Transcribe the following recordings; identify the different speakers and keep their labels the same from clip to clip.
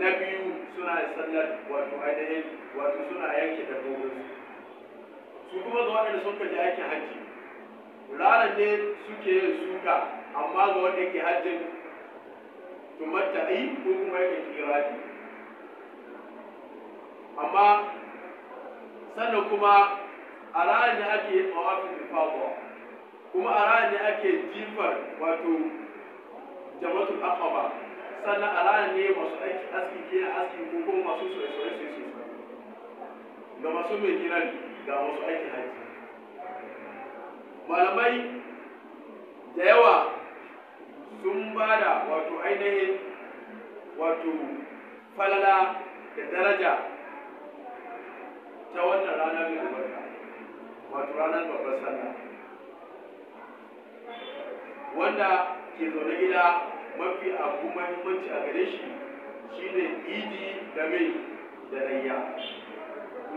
Speaker 1: na biyu suna sallar wato ainihin wato suna yanke dabbobin su kuma ga waɗanda sun kaji aikin hajji ranar ne suke yin suka amma ga wanda ke hajjin tumatta ai ko kuma yake kirari amma sannan kuma a ranar ne ake yin mawafin ifawa kuma a ranar ne ake jifar wato jama'atul aqaba sannan a ranar ne masu aiki ga masu mai kirari ga masu aikin haji malamai da yawa sun ba da wato ainihin wato falala da daraja ta wannan rana mai albarka wato ranar babbar sallah wanda ke zaune gida mafi abu mahimmanci a gare shi shine idi da mai da rayya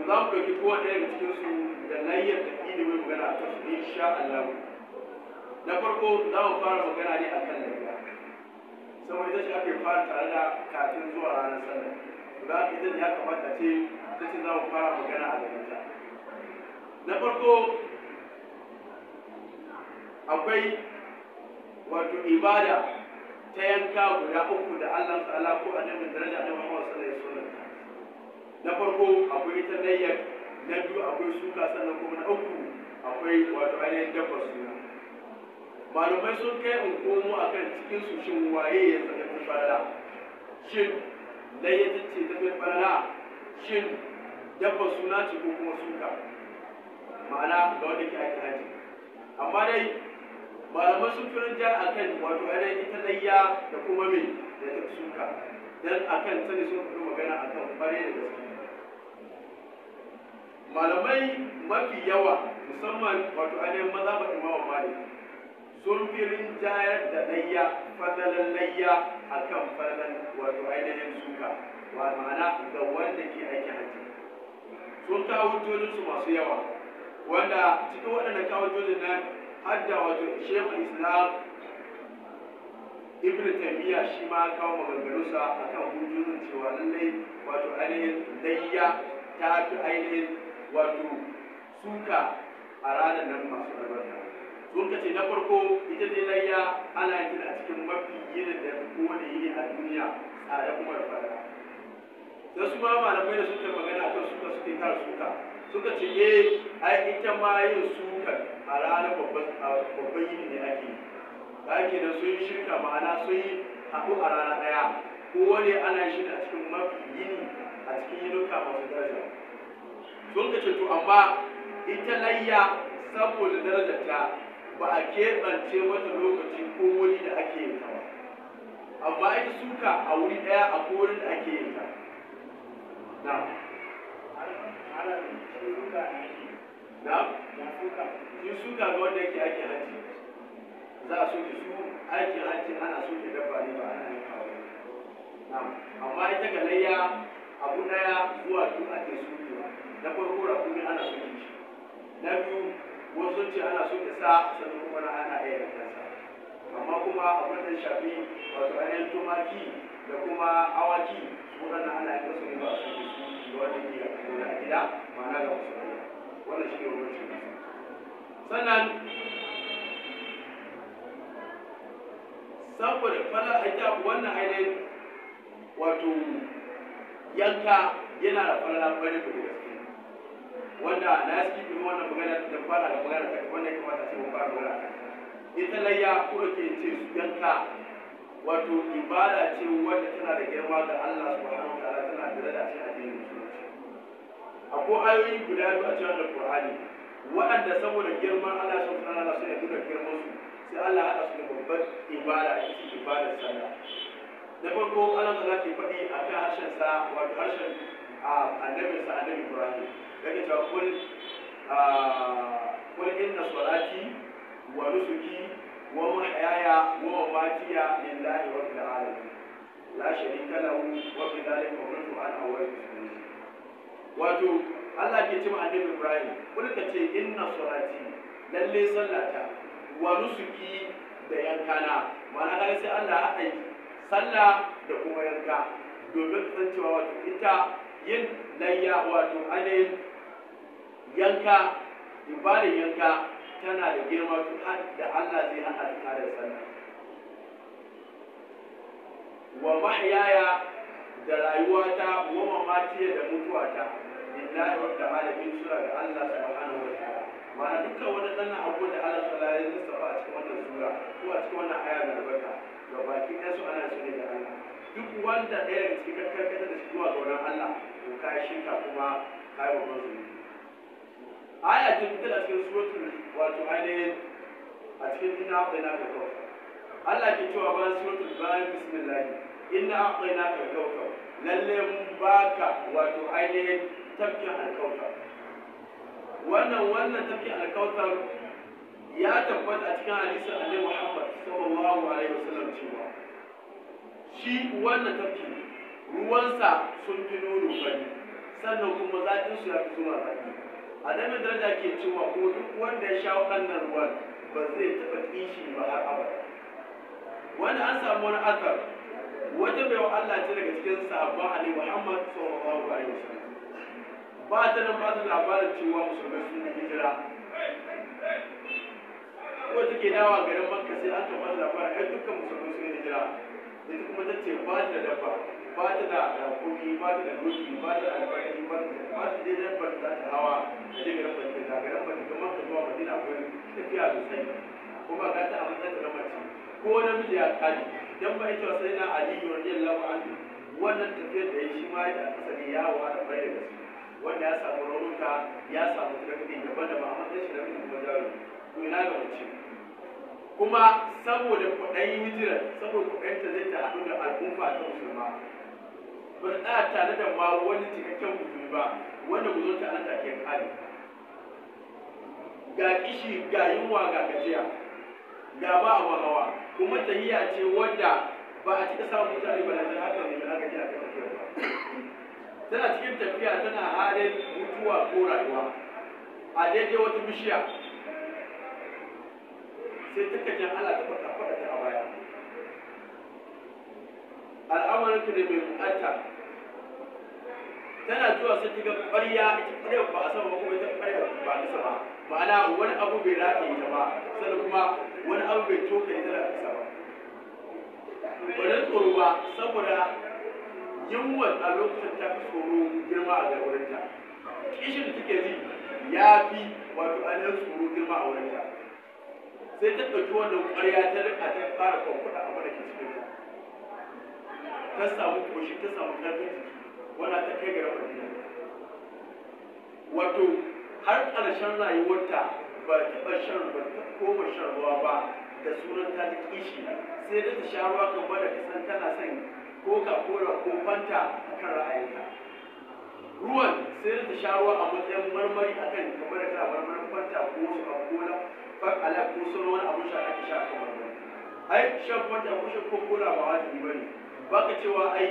Speaker 1: to za mu ɗauki kowa ɗaya daga cikinsu da layyar da ƙi mai magana a kansu sha Allah na farko za mu fara magana ne a kan layya saboda ita ce ake fara tare da kafin zuwa ranar sallah to za ka ita ya kamata ce ita ce za mu fara magana a gare ta na farko akwai wato ibada ta yanka guda uku da Allah ta'ala ko annabin daraja annabi Muhammad sallallahu alaihi wasallam na farko akwai ita na biyu akwai suka sannan kuma na uku akwai wato ainihin dabba suna malumai sun kai in komo a kan cikin su shin waye ya zama fi farala shin layyatin ce ta fi farala shin dabbar suna ce ko kuma suka ma'ana ga wanda ke aiki haji amma dai malamai sun fi ja a kan wato ainihin ita layya da kuma mai da ta suka dan akan sani sun fi magana akan bare da gaske malamai mafi yawa musamman wato ainihin maza ba imamu malik sun fi rinjayar da layya fadalan layya a kan fadalan wato ainihin suka wa ma'ana ga wanda ke aiki hajji sun kawo hujjojinsu masu yawa wanda cikin waɗanda kawo hujjojin nan har da wato shekul islam ibn taymiya shi ma kawo maganganunsa akan hujjojin cewa lallai wato ainihin layya ta fi ainihin wato suka a ranar nan masu albarka sun ka ce na farko ita ce layya ana yi a cikin mafi yinin da kowane yini a duniya a ya kuma da fara da su ma malamai da suka magana akan suka suke kar suka suka ce eh ai ita ma yin suka a ranar babban yini ne ake yi da ake da sun yi shirka ma'ana sun yi haɗu a rana ɗaya wani ana shi a cikin mafi yini a cikin yinuka masu daraja sun ka ce to amma ita layya saboda darajarta ba a keɓance mata lokaci ko wuri da ake yin ta ba amma ita suka a wuri ɗaya a wurin da ake yin ta na na yi suka ga wanda yake ake hajji za a soke su aikin hajji ana soke dabba ne ba ana yin kawo amma ita ga layya abu ɗaya zuwa duk ake soke na farko rakumi ana so shi na biyu wasu ce ana so sa sannan kuma na ana iya yankansa amma kuma abin da shafi wato ainihin tumaki da kuma awaki waɗannan ana yi masu ba su da su da wani ke a gida ma'ana ga wasu wannan shi ne wani shi sannan saboda falar aita wannan ainihin wato yanka yana da falar ɓarin da gaske wanda na yi skipi wannan magana da fara da magana kai wannan ya kamata ce mun fara magana kai ita layya ko ke ce su yanka wato ibada ce wanda tana da girma ga Allah subhanahu wa ta'ala tana da rada cikin addinin musulunci akwai ayoyi guda biyu a cikin alqur'ani waɗanda saboda girman Allah subhanahu wa ta'ala sai ya duka girman su sai Allah haɗa su da babbar ibada a cikin ibadar sallah da farko Allah ta ke faɗi a kan harshen sa wato harshen annabinsa annabi Ibrahim kake ta kul ah, kul inna salati wa nusuki wa mahyaya wa mamati lillahi rabbil alamin la sharika lahu wa bi dhalika umirtu an awwal wato Allah ke cewa annabi Ibrahim kul ka ce inna salati lalle sallata wa nusuki da yankana ma'ana kaga sai Allah haɗa sallah da kuma yanka domin kasancewa wato ita yin layya wato ainihin yanka ibadin yanka tana da girma har da Allah zai hada ta da sannan. wa mahyaya da rayuwata wa mamatiya da mutuwata lillahi wa ta'ala bin sura da Allah subhanahu wa ta'ala ma'ana duka wani dan abu da Allah sallallahu alaihi wasallam a cikin wannan sura ko a cikin wannan aya da albarka ga baki ɗaya su ana shirye da Allah duk wanda ɗaya daga cikin karkata da shi zuwa ga Allah to ka shirka kuma ka yi babban aya ce fitar a cikin suratul wato ainihin a cikin inna aqaina ka kawai Allah ke cewa bayan suratul bayan bismillah inna aqaina ka kawai lalle mun baka wato ainihin tafkin alkautar wannan wannan tafkin alkautar ya tabbata a cikin hadisin Ali Muhammad sallallahu alaihi wasallam cewa shi wannan tafkin ruwansa sun fi nono bane sannan kuma zaƙin su ya fi zuwa zaƙi alamin daraja ke cewa ko duk wanda ya sha wannan ruwan ba zai taɓa kishi ba har abada wanda an samu wani akar wajen bai wa Allah ce daga cikin sahabban Ali Muhammad sallallahu alaihi wasallam ba ta nan ba ta labarin cewa musulmai sun yi hijira ko take dawa garin Makka sai aka ba labarin ai dukkan musulmai sun yi hijira ita kuma ta ce ba ta da ba ta da rakumi المال الرشد المال الأربعين المال المال دي لما الهواء اللي لما تتلاقى لما تتمرس هو مدينة أول تفيها بسيط وما قالت أبو زيد لما تشوف هو نمشي يا علي لما إجوا سيدنا علي رضي الله عنه wannan tafiyar da ya shi ma ya asali ya wa da bai da wanda ya samu raunuka ya samu tsirrai daban da ba a shi da mutum kuma jaro ko ina ga mace kuma saboda kuɗin hijirar saboda kuɗin ta zai ta haɗu da al'umma ta musulma ba a tare da ma wani cikakken hukumi ba wanda mu zo ta nan take kare ga kishi ga yunwa ga gajiya ga ba a hawa kuma tahiya ce wanda ba a cika samun mutane ba da haka ne da haka ji a kan ba tana cikin tafiya tana halin mutuwa ko rayuwa a daidai wata bishiya sai ta kajan Allah ta faɗa al'amarinka da mai bukata tana zuwa sai ta ga ƙwarya ita ƙwarya ba a sama ba kuma ita ƙwarya ba a ba ma'ana wani abu bai rataye ita ba sannan kuma wani abu bai toka ita da ƙasa ba wani tsoro ba saboda yunwar a lokacin ta fi tsoro girma a garwarinta kishin take ji ya fi wato ainihin tsoro girma a wurinta sai ta ɗauki wannan ƙwarya ta rika ta fara kwamfuta a mara ke cikin ta samu koshi ta samu karfin jiki wana ta kai ga rafa gida wato har ƙarshen rayuwarta ba taɓa shan ba ta koma shan ruwa ba da sunan ta ta kishi sai da ta sha ruwa kan bada kasan tana son coca cola ko fanta a kan ra'ayinta ruwan sai da ta sha ruwa a matsayin marmari a kan kamar da kana marmarin fanta ko wasu abubuwa ala ko sauran wani abu sha ake sha kamar kan marmari ai shan fanta ko shan coca ba wajibi ba ne ba ka cewa ai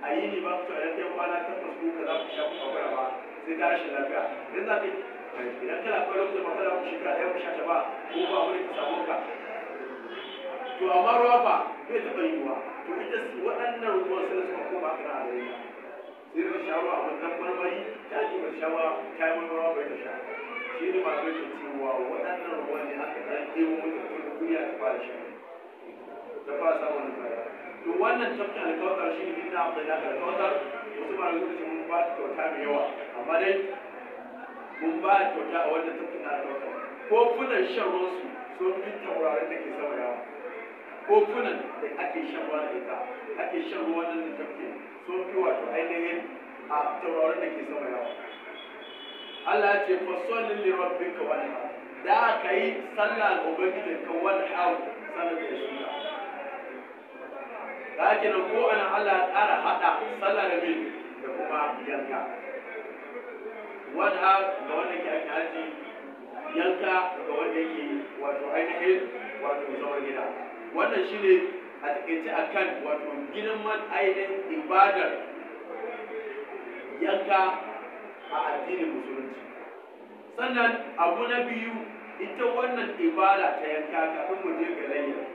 Speaker 1: a yi ne ba ku cewa idan kai kwana takwas ko ka za ku sha ku kwamfura ba sai ka rashin lafiya idan za ka yi idan kana kwallon ku zama kana ku shekara ɗaya ku sha ta ba ko ba wani ka samu ka
Speaker 2: to amma ruwa fa zai taɓa
Speaker 1: yiwuwa to ita waɗannan ruwan sai suka koma ka na alayya sai da shawara a wannan marmari ta ce ba shawara ta yi marmara bai ta sha shi ne ma bai cewa waɗannan ruwan ne haka ɗan ɗewa mutum ko da kuriya ta fara sha ta fara samun fara to wannan tafkin alkawar shi ne inna abdana alkawar wasu mara lokacin mun ba ta kyauta mai yawa amma dai mun ba ta kyauta a wannan tafkin alkawar kofunan shan ruwansu sun fi taurarin da ke sama yawa kofunan da ake shan ruwa da ita ake shan ruwa nan da tafkin sun fi wato ainihin a taurarin da ke sama yawa Allah ce fasolin lirabbin ka wani da aka yi sallah ga ubangijin ka wani hau sanar da ya shi ka kenan ko ana Allah ya ƙara haɗa sallah da min da kuma yanka wadha ga wanda ke aiki yanka ga wanda ke wato ainihin wato zaman gida wannan shi ne a takaice kan wato ginin man ainihin ibadar yanka a addinin musulunci sannan abu na biyu ita wannan ibada ta yanka kafin mu je ga layyar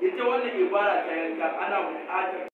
Speaker 1: ita wannan ibara ta yanka ana buƙatar